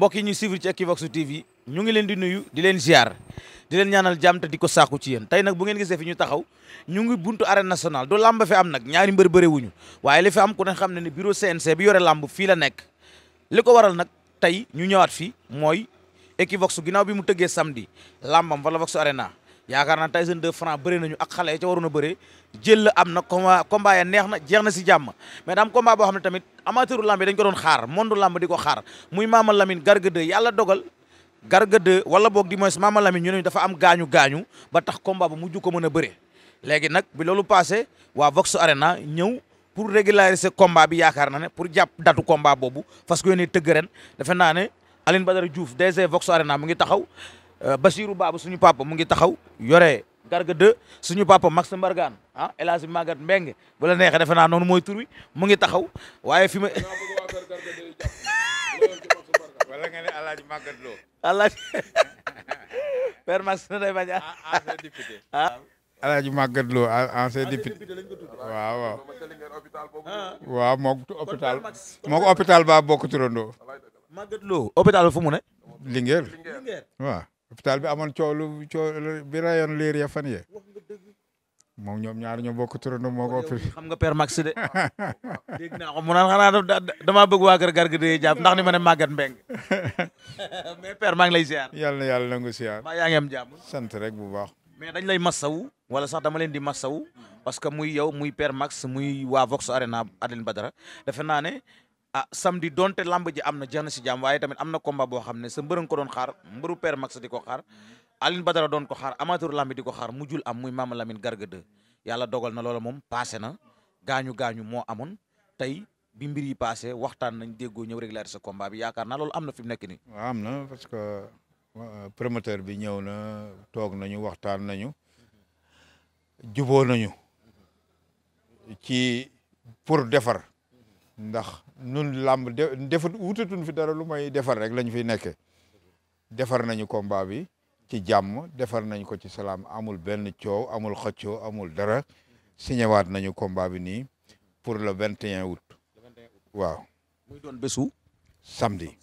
mbokk yi ñu suivre ci Equivox TV ñu ngi leen di nuyu di leen ziar di leen ñaanal jàmm te di ko saaku ci yéen tey nag bu ngeen gisee fi ñu taxaw ñu ngi buntu arène nationale du làmb fi am nag ñaari mbër bëre wuñu waaye li fi am ku ne xam ne ne bureau CNC bi yore lamb fii la nekk li ko waral nag tey ñu ñëwaat fi mooy Equivox ginnaaw bi mu tëggee samedi làmbam fa la Vox naa yaakaar naa Tyson 2 franc bëri nañu ak xale ca waroon bëree jël la am na combat combat ya neex na na si jàmm mais da am combat boo xam ne tamit amateuru lamb yi dañ ko doon xaar monde lamb di ko xaar muy Mama Lamine Garga 2 yàlla dogal Garga wala boog di moins Mama Lamine ñu ne dafa am gaañu gaañu ba tax combat bu mujj ko mën a bëree léegi nag bi loolu passé waa Vox Arena ñëw pour régulariser combat bi yaakaar naa ne pour jàpp datu combat boobu parce que yéen tëgg ren defe naa ne Aline Badara Diouf DG Vox Arena mu ngi taxaw Euh, Basirou Baba suñu papa mu ngi taxaw yore Garga 2 suñu papa Max Mbargane ah El Hadj Maguette Mbengue bu la neexee defe naa noonu mooy tur wi mu ngi taxaw waaye fi ma. wala nga ne El Hadj Maguette Lo. El hôpital ba bokk turandoo. Maguette hôpital fu mu ne. Linguère hôpital bi amoon coow lu coow liir ya fan yee moom ñoom ñaar ñoo bokk turandoo moo ko. xam nga père Max de dégg naa ko mu naan xanaa damaa bëgg waa kër garga de jàpp ndax ni ma ne màggat mbeng mais père maa ngi lay ziar. yal na yàlla nangu ziar. maa yaa ngi am jàmm. rek bu baax. mais dañ lay masawu wala sax dama leen di masawu parce que muy yow muy père Max muy waa Vox Arena Adeline Badara defe naa ne ah samedi donte lamb ji am na jeex si jàmm waaye tamit am na combat boo xam ne sa mbërën ko doon xaar mbëru père max di ko xaar Aline Badara doon ko xaar amateur lamb di ko xaar mujjul am muy Mama Lamine Garga 2 yàlla dogal na loola moom passé na gaañu gaañu moo amoon tey bi mbir yi passé waxtaan nañ déggoo ñëw régler sa combat bi yaakaar loolu am na fi nekk nii. waaw am na parce que promoteur bi ñëw na toog nañu waxtaan nañu juboo nañu ci pour defar ndax nun làmb defut wutatun fi dara lu may defar rek lañu fiy nekkee defar nañu combat bi ci jàmm defar nañ ko ci salaam amul benn coow amul xëccoo amul dara signewaat nañu combat bi nii pour le vingt et un août waaw muy doon bésu samedi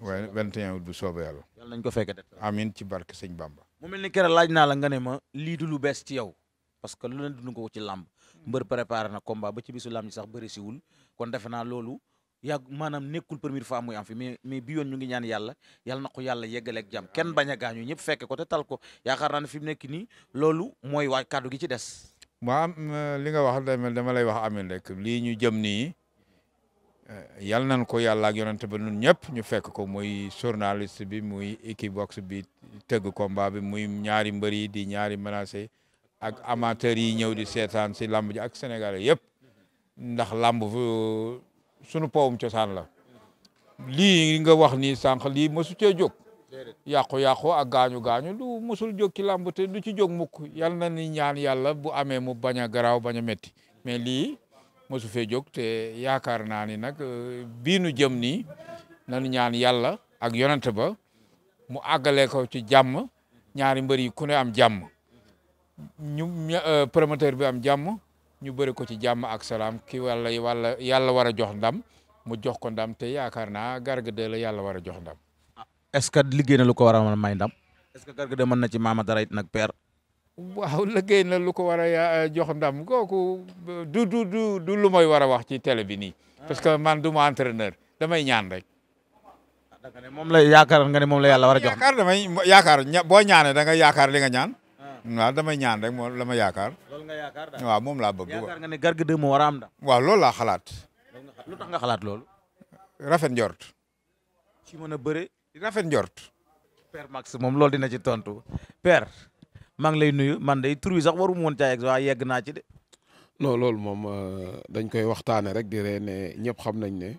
waaye vingt et un août bu soobee yàlla nañ ko fekk de amin ci barke sëñ Bamba mu mel ni kere laaj naa la nga ne ma lii du lu bees ci yow parce que lu leen dund ko ci làmb mbër préparé na combat ba ci bisu lam ji sax bëri wul kon defe naa loolu yàgg maanaam nekkul première fois muy am fi mais mais bi yoon ñu ngi ñaan yàlla yàlla na ko yàlla yeggaleeg jàmm kenn bañ a ñëpp fekke ko te tal ko yaakaar naa ne fi mu nekk nii loolu mooy waaj kàddu gi ci des waa euh, li nga wax dama lay wax amin rek lii ñu jëm nii euh, yàlla nañ ko yàlla ak yonante ba nun ñëpp ñu fekk ko muy journaliste bi muy Equivox bi tëgg combat bi muy ñaari mbër yi di ñaari menacé ak amateurs yi ñëw di seetaan si lamb ji ak sénégalais yëpp ndax lamb sunu powum cosaan la lii nga wax ni sànq lii mosu cee jóg yàqu-yàqu ak gaañu-gaañu lu mosul jóg ci lamb te du ci jóg mukk yal na ni ñaan yàlla bu amee mu bañ a garaaw bañ a métti mais lii mosu fee jóg te yaakaar naa ni nag euh, bii nu jëm nii nanu ñaan yàlla ak yonent ba mu àggale ko ci jàmm ñaari mbër yi ku ne am jàmm ñu euh, promoteur bi am jàmm ñu bëri ko ci jàmm ak salaam ki walla walla yàlla war a jox ndam mu jox ko ndam te yaakaar naa Garga 2 la yàlla war a jox ndam. Ah, est-ce que liggéey na lu ko war a mën a may ndam. est que Garga 2 man na ci mama dara it nag père. waaw liggéey na lu ko war a euh, jox ndam kooku du du du du lu may war a wax ci télé bi ni ah. parce que man du ma entraîneur damay ñaan rek. Ah, da nga ne moom la yaakaar nga ne moom la yàlla war a jox. yaakaar damay yaakaar boo li nga ñaan. waaw damay ñaan rek moom la ma yaakaar. waaw moom laa bëgg. yaakaar nga ne Garga 2 moo war a am daal. waaw laa xalaat. lu nga xalaat loolu. rafet njort. ci mën a bëre. rafet njort. père Max moom loolu dina ci tontu père maa ngi lay nuyu man day tur sax waru mu woon yegg waa naa ci de. non loolu moom euh, dañ koy waxtaanee rek di ree ne ñëpp xam nañ ne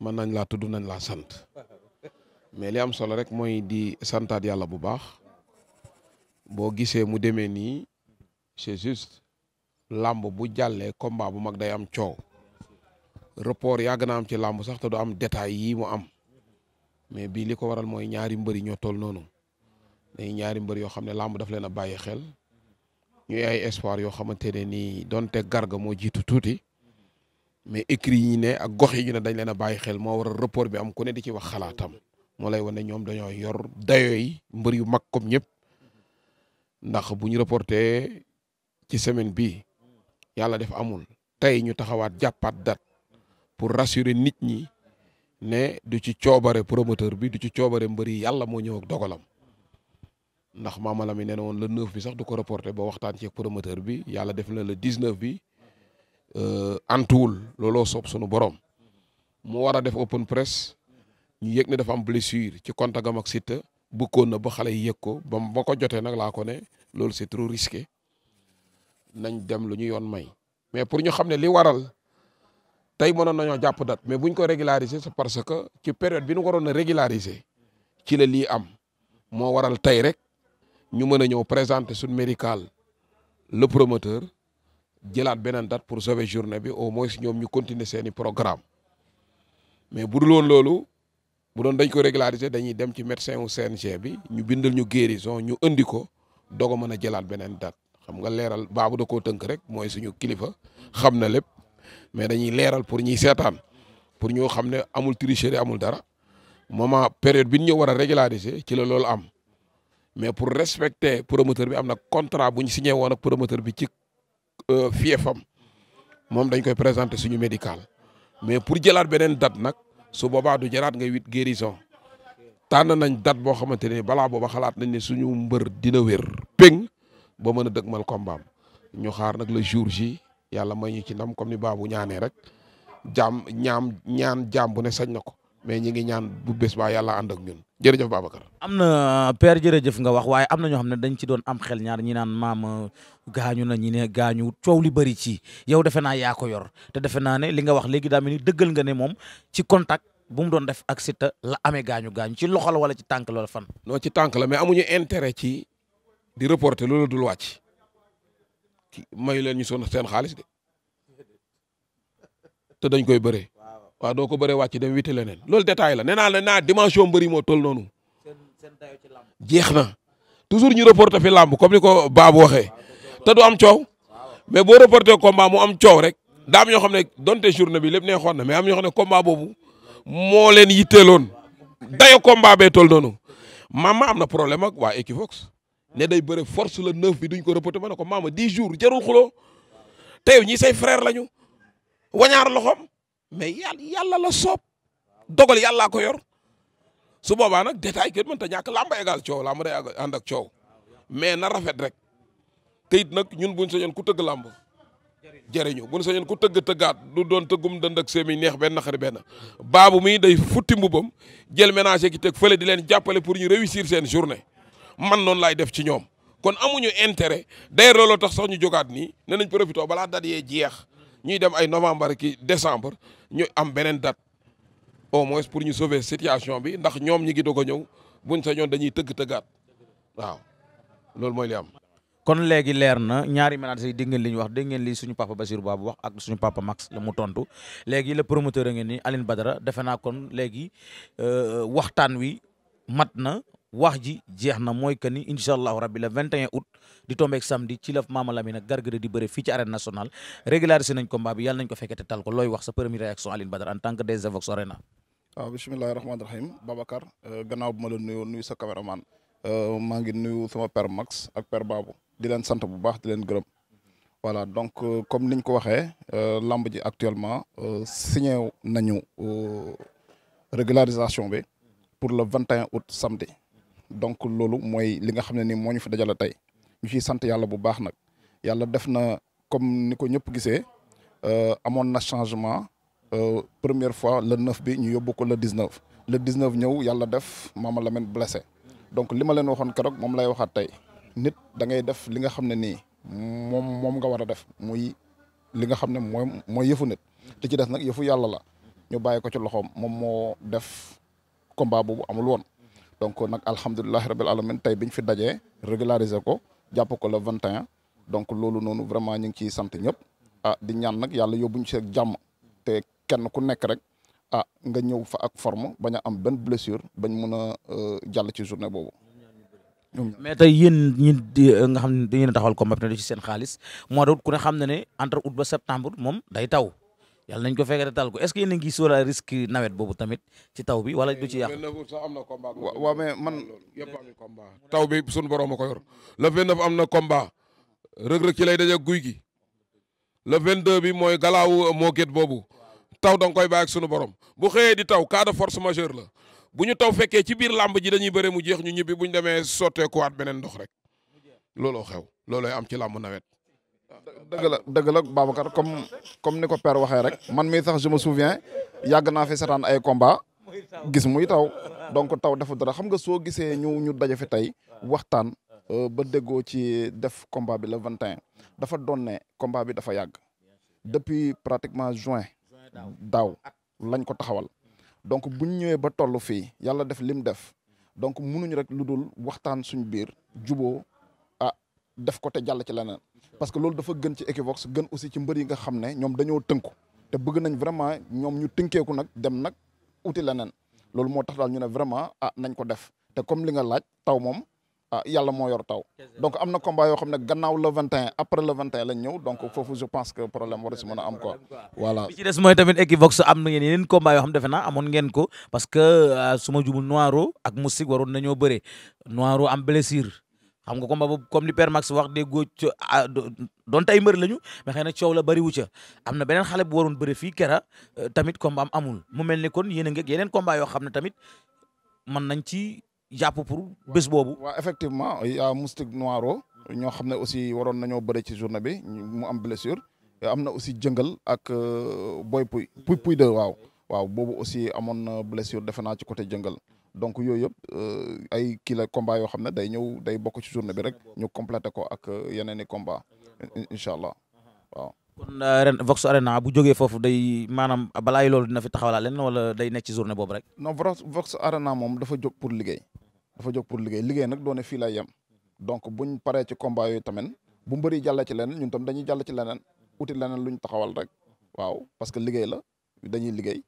mën nañ laa tudd nañ laa sant mais li am solo rek mooy di santaat yàlla bu baax. boo gisee mu demee nii c'est juste làmb bu jàllee combat bu mag day am coow report yàgg na am ci làmb sax te du am détail yii mu am mais bii li ko waral mooy ñaari mbër yi ñoo toll noonu dañuy ñaari mbër yoo xam ne làmb daf leen a bàyyi xel ñuy ay espoir yoo xamante ne nii donte garga moo jiitu tuuti mais écrit yi ñu ne ak gox yi ñu ne dañ leen a bàyyi xel moo waral report bi am ku ne di ci wax xalaatam moo lay wane ñoom dañoo yor dayooy mbër yu mag comme ñëpp ndax bu ñu reporté ci semaine bi yàlla def amul tey ñu taxawaat jàppaat date pour rassurer nit ñi ne du ci coobare promoteur bi du ci coobare mbëri yàlla moo ñëw ak dogalam ndax Mama Lamine nee na woon le 9 bi sax du ko reporté ba waxtaan ci ak promoteur bi yàlla def na le 19 bi euh, antuwul looloo soob sunu borom mu war a def open press ñu yëg ne dafa am blessure ci contact am ak Siteu bëggoon na ba xale yi yëg ko ba ba ko jotee nag laa ko ne loolu c'est trop risqué nañ dem lu ñu yoon may mais pour ñu xam ne li waral tey mënoon nañoo jàpp date mais buñ ko régulariser c'est parce que ci période bi ñu waroon a régulariser ci la lii am moo waral tey rek ñu mën a ñëw présenter suñ médical le promoteur jëlaat beneen date pour sauver journée bi au moins ñoom ñu continuer seeni programme mais bu dul woon loolu bu doon dañ ko régulariser dañuy dem ci médecin wu CNG bi ñu bindal ñu guérison ñu indi ko doog a mën a jëlaat beneen date xam nga leeral baabu da koo tënk rek mooy suñu kilifa xam na lépp mais dañuy leeral pour ñuy seetaan pour ñoo xam ne amul tricherie amul dara moment période bi ñu war a régulariser ci la lool am mais pour respecter promoteur bi am na contrat bu ñu signé woon ak promoteur bi ci euh, fiefam moom dañ koy présenter suñu médical mais pour jëlaat beneen date nag. su boobaa du jaraat nga wit guérison tànn nañ date boo xamante ne balaa booba xalaat nañ ne suñu mbër dina wér péng ba mën a mal kombam ñu xaar nag la jour ji yàlla may ñu ci ndam comme ni baabu ñaanee rek jaam ñaam ñaan jaam bu ne sañ na ko mais ñi ngi ñaan bu bés baa yàlla ànd ak ñun jërëjëf Babacar. am na euh, père jërëjëf nga wax waaye am na ñoo xam ne dañ ci doon am xel ñaar ñi naan maam euh, gaañu na ñi ne gaañu coow li bëri ci yow defe naa yaa ko yor te defe naa ne li nga wax léegi daal mel ni dëggal nga ne moom ci contact bu mu doon def ak Siteu la amee gaañu gaañu ci loxo la wala ci tànk la fan. non ci tànk la mais amuñu intérêt ci di reporter loolu dul wàcc mayu leen ñu soon seen xaalis de te dañ koy bëree. waaw doo ko bëree wàcc dem witi leneen loolu détail la nee naa la naa dimension mbëri moo toll noonu. jeex na toujours ñu reporté fi làmb comme ni ko Baabu waxee te doo am coow mais boo reporté combat mu am coow rek daam am ñoo xam ne donte journée bi lépp nee na mais am ñoo xam ne combat boobu moo leen yitteeloon dayo combat bee toll noonu maam am na problème ak waa Equivox ne day bëre force la neuf bi duñ ko reporté ma ne ko maama dix jours jarul xuloo te yow ñi say frère lañu wañaar loxoom mais yàlla yàlla la soob dogal yàllaa ko yor su boobaa nag détail kenn mënta ñàkk làmb égal coow làmb day ànd coow mais na rafet rek kayit nag ñun buñ sañoon ku tëgg làmb jëriñu buñ sañoon ku tëgg tëggaat du doon tëggum dënd ak seemi neex benn xari benn baabu mi day futti mbubam jël ménager ki teg fële di leen jàppale pour ñu réussir seen journée man noonu laay def ci ñoom kon amuñu intérêt day looloo tax sax ñu jógaat nii ne nañ profité balaa dat yee jeex ñuy dem ay novembre ki décembre ñu am beneen date au moins pour ñu sauver situation bi ndax ñoom ñi ngi doog a ñëw buñ sa ñoon dañuy tëgg tëggaat waaw loolu mooy li am. kon léegi leer na ñaari ménages yi dégg ngeen li ñu wax dégg ngeen li suñu papa Bassirou Babou wax ak suñu papa Max la mu tontu léegi la promoteur a ngeen ni Aline Badara defe naa kon léegi euh, waxtaan wi mat na wax ji jeex na mooy que ni incha allahu rabbi vingt 21 août di tombeek samedi ci la Mama Lamine ak Garga di bëre fii ci arène nationale régularisé nañ ko fekkee te tal ko looy wax sa première réaction Alioune Badara en tant que des Evox Arena. waaw bisimilah rahmaani rahim Babacar euh, gannaaw bu ma nuyu sa caméraman euh, maa ngi nuyu sama père Max ak père Babou di leen sant bu baax di leen gërëm voilà donc euh, comme niñ ko waxee lamb ji actuellement signé nañu régularisation bi pour le 21 août samedi. donc loolu mooy li nga xam ne ni moo ñu fi dajale tey ñu ciy sant yàlla bu baax nag yàlla def na comme ni ko ñëpp gisee euh, amoon na changement euh, première fois le 9 bi ñu yóbbu ko le 19 le 19 ñëw yàlla def Mama Lamine blessé donc li ma leen waxoon keroog moom lay waxaat tey nit dangay def li nga xam ne nii moom moom nga war a def muy li nga xam ne mooy mooy yëfu nit li ci des nag yëfu yàlla la ñu bàyyi ko ci loxoom moom moo def combat boobu amul woon. donc nag alhamdulilah rabil alamin tey biñ fi dajee régulariser ko jàpp ko le 21 donc loolu noonu vraiment ñu ngi ciy sant ñëpp ah di ñaan nag yàlla yóbbuñ ci ak jàmm te kenn ku nekk rek ah nga ñëw fa ak forme bañ am benn blessure bañ mun a euh, jàll ci journée boobu. mais tey yéen ñi euh, nga xam ne dañu taxawal combat bi ci seen xaalis mois d'août ku ne xam ne ne entre août ba septembre moom day taw. yàlla nañ ko fekk rek taal ko est-ce que yéen a ngi nawet boobu tamit ci taw bi wala du ci yàq. waaw me man taw bi sunu borom a ko yor le 29 am na komba rëg-rëg ci lay daje guy gi le 22 bi mooy galaawu mooget boobu taw danga koy baay sunu borom bu xëyee di taw cas de force majeure la bu ñu taw fekkee ci biir làmb ji dañuy bëre mu jeex ñu ñibbi bu ñu demee sotteekuwaat beneen ndox rek looloo xew loolooy am ci làmb nawet. dëgg la dëgg la Babacar comme comme ni ko per waxee rek man mii sax je me souviens yàgg naa fi setaan ay combat gis muy taw donc taw dafa dara xam nga soo gisee ñu ñu daje fi tey waxtaan euh, ba déggoo ci def combat bi le 21 dafa doon ne bi dafa yàgg depuis pratiquement juin daaw lañ ko taxawal donc buñ ñëwee ba toll fii yàlla def lim def donc munuñ rek lu dul waxtaan suñ biir jubo a ah, def ko te jàll ci leneen. parce que loolu dafa gën ci Equivox gën aussi ci mbër yi nga xam ne ñoom dañoo tënku te bëgg nañ vraiment ñoom ñu tënkeeku nag dem nag uti leneen loolu moo tax daal ñu ne vraiment ah nañ ko def te comme li nga laaj taw moom ah yàlla moo yor taw donc am na combat yoo xam ne gannaaw le 21 après le 21 lañ ñëw donc foofu je pense que problème war si mën a am quoi voilà bi ci des amoon ngeen ko parce que euh, su ma jumul Noiro ak Moustique waroon nañoo bëre Noiro am blessure xam nga combat boobu comme li Père Max wax déggoo ah donte ay mbër lañu mais xëy na coow la bëri wu am na beneen xale bu waroon bëri fii kera euh, tamit combat am amul mu mel ne kon yéen a ngeeg yeneen combat yoo xam ne tamit mën nañ ci jàpp pour bés boobu. waaw effectivement y a Moustique Noiro ñoo xam ne aussi waroon nañoo bëri ci journée bi mu am blessure am na aussi jëngal ak euh, boy puy puy puy de waaw waaw boobu aussi amoon na blessure defe naa ci côté jëngal. donc yooyu yëpp euh, ay kii la combat yoo xam ne day ñëw day bokk ci journée bi rek ñu complété ko ak euh, yeneen i combat incha allah waaw. kon euh, ren Vox Arena bu jógee foofu day maanaam balaay loolu dina fi taxawalaa leen wala day nekk ci journée boobu rek. non Vox Arena moom dafa jóg pour liggéey dafa jóg pour liggéey liggéey nag doone fii lay yem donc buñ paree ci combat yooyu tamit bu mbëri jàll ci leneen ñun tam dañuy jàll ci leneen uti leneen luñ taxawal rek waaw parce que liggéey la dañuy liggéey.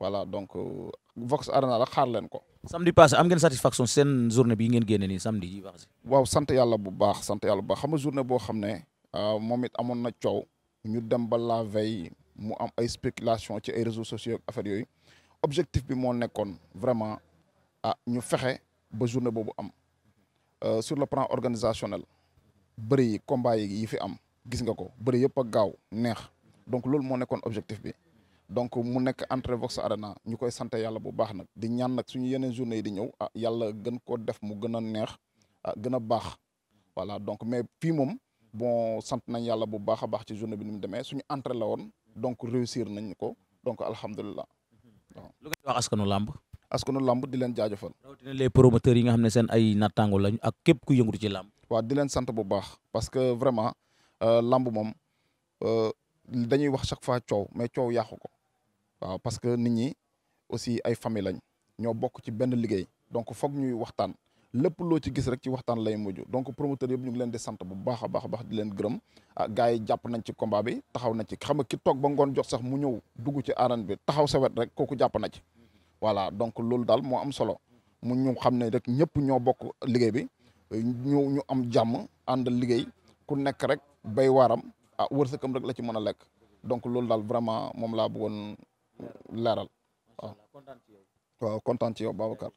voilà donc euh, Vox Arena la xaar leen ko. samedi passé am ngeen satisfaction seen journée bi ngeen génne nii samedi ji wax si. waaw sant yàlla bu baax sant yàlla bu baax xam nga journée boo xam ne euh, moom it amoon na coow ñu dem ba la veille mu am ay spéculation ci ay réseaux sociaux ak affaire yooyu objectif bi moo nekkoon vraiment ah ñu fexe ba journée boobu am euh, sur le plan organisationnel bëri yi combat yi yi fi am gis nga ko bëri yëpp a gaaw neex donc loolu moo nekkoon objectif bi. donc mu nekk entrée Vox Arena ñu koy sant yàlla bu baax nag di ñaan nag suñu yeneen journée yi di ñëw ah yàlla gën koo def mu gën a neex ah gën a baax voilà donc mais fii moom bon sant nañ yàlla bu baax a baax ci journée bi ni mu demee suñu entrée la woon donc réussir nañ ko donc alhamdulilah. lu ngay wax askanu làmb. askanu làmb di leen jaajëfal. rawatina les promoteurs yi nga xam ne seen ay nattaango lañ ak képp ku yëngu ci làmb. waaw di leen sant bu baax parce que vraiment euh, lamb moom euh, dañuy wax chaque fois coow mais coow yàqu ko. waaw parce que nit ñi aussi ay famille lañ ñoo bokk ci benn liggéey donc foog ñuy waxtaan lépp loo ci gis rek ci waxtaan lay mujj donc promoteur yëpp ñu ngi leen di sant bu baax a baax di leen gërëm ah yi jàpp nañ ci combat bi taxaw na ci xam nga ki toog ba ngoon jox sax mu ñëw dugg ci arène bi taxaw sawet rek kooku jàpp na voilà donc loolu daal moo am solo mu ñu xam ne rek ñëpp ñoo bokk liggéey bi ñu ñu am jàmm ànd liggéey ku nekk rek bay waaram ah wërsëgam rek la ci mën a lekk donc loolu daal vraiment moom laa bëggoon leeral waaw waaw kontaan ci yow Babacar